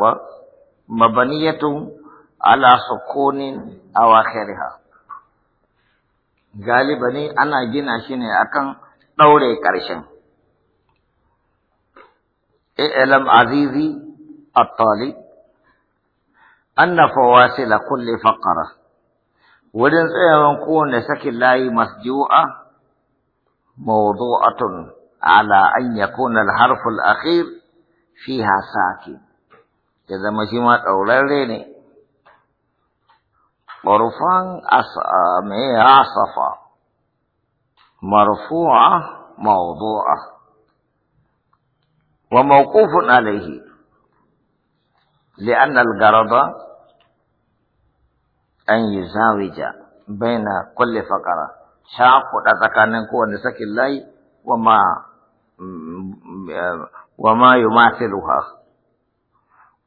ومبنية على سكون أواخرها غالبا أنا جينا شيني أكن دوري كرشن اعلم عزيزي الطالب أن فواصل كل فقرة ولن كون سكن لاي مسجوعة موضوعة على أن يكون الحرف الأخير فيها ساكن ya zama shi ma ɗaurarre ne ƙarfan mai asafa marfu'a mawdu'a wa mawqufun alaihi li'anna al-garada an yuzawija baina kulli faqara shaquda tsakanin kowanne sakin layi wa ma wa ma yumathiluha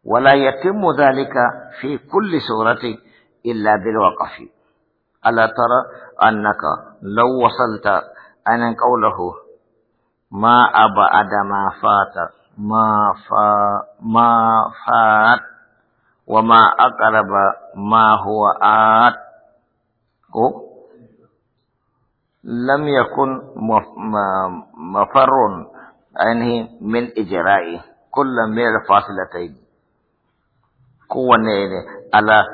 ولا يتم ذلك في كل سورة إلا بالوقف ألا ترى أنك لو وصلت أن قوله ما أبعد ما فات ما فا ما فات وما أقرب ما هو آت لم يكن مفر يعني من إجرائه كل من الفاصلتين kowanne ne ala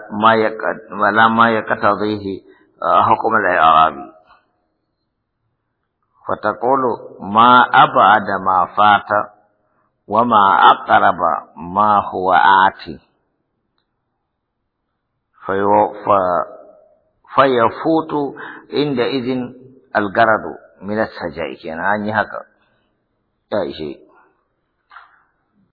ma ya kata zai hukumar arabi fatakolo ma ah, aba da ma fata wa ma ba ma huwa ati fayafutu inda izin algarado min as kenan an yi haka ya ishe